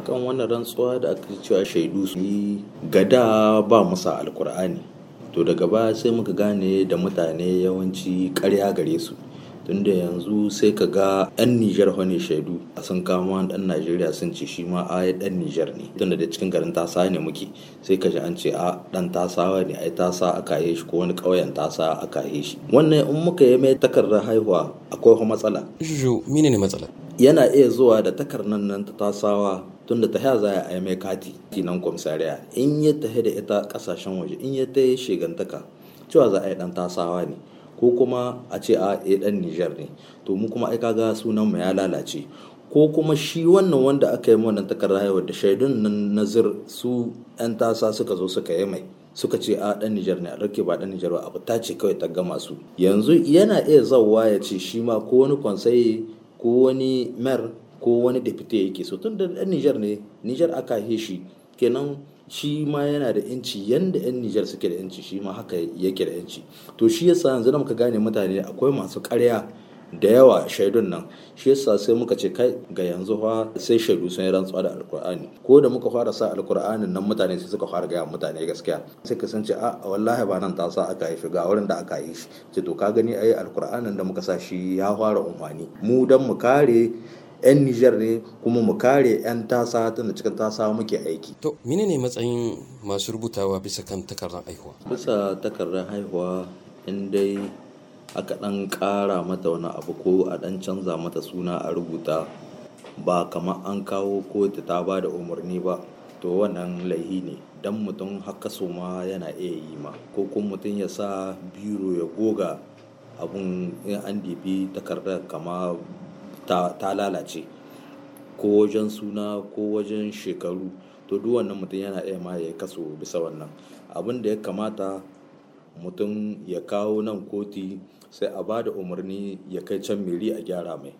akan wannan rantsuwa da aka cewa shaidu su yi gada ba musa alkur'ani to daga baya sai muka gane da mutane yawanci karya gare su tunda yanzu sai ka ga 'yan Nijar wani shaidu a sun kama dan Najeriya sun ce shi ma a dan Nijar ne tunda da cikin garin tasa ne muke sai ka ji an ce a dan tasawa ne ai tasa aka yi shi ko wani ƙauyen tasa aka yi shi wannan in muka yi mai takardar haihuwa akwai matsala. Juju mine ne matsala? Yana iya zuwa da takardar nan ta tasawa tunda ta haya za a yi mai kati nan komisariya in ya tahi da ita kasashen waje in ya tahe shigantaka cewa za a yi dan tasawa ne ko kuma a ce a ya eh, dan Nijar ne to mu kuma ai ga sunan mu ya lalace ko kuma shi wannan wanda aka yi wannan takardar da shaidun nan nazir su yan tasa suka zo suka yi mai suka ce a dan Nijar ne a rake ba dan Nijar ba abu ta ce kawai ta gama su yanzu yana iya zawwa ya ce shi ma ko wani kwansaye ko wani mer ko wani deputy yake so tun da dan Nijar ne Nijar aka he shi kenan shi ma yana da yanci yanda yan Nijar suke da yanci shi ma haka yake da yanci to shi yasa yanzu da muka gane mutane akwai masu karya da yawa shaidun nan shi yasa sai muka ce kai ga yanzu fa sai shaidu sun yi rantsuwa da alkur'ani ko da muka fara sa alkur'anin nan mutane sai suka fara gaya mutane gaskiya sai ka san ce a wallahi ba nan ta sa aka haifi ga wurin da aka yi shi ce to ka gani ai alkur'anin da muka sa shi ya fara umfani mu dan mu kare 'yan Nijar ne kuma mu kare 'yan tasa tana cikin tasa muke aiki. To, mine ne matsayin masu rubutawa bisa kan takardar haihuwa? Bisa takardar haihuwa in dai aka ɗan ƙara mata wani abu ko a ɗan canza mata suna a rubuta ba kama an kawo kotu ta ba da umarni ba to wannan laihi ne dan mutum haka so ma yana iya yi ma ko kuma mutum ya sa biro ya goga abun in an dibi takardar kama ta lalace ko wajen suna ko wajen shekaru to duk wannan mutum yana iya ma ya kaso bisa wannan abin da ya kamata mutum ya kawo nan koti sai a ba da umarni ya kai can miri a gyara mai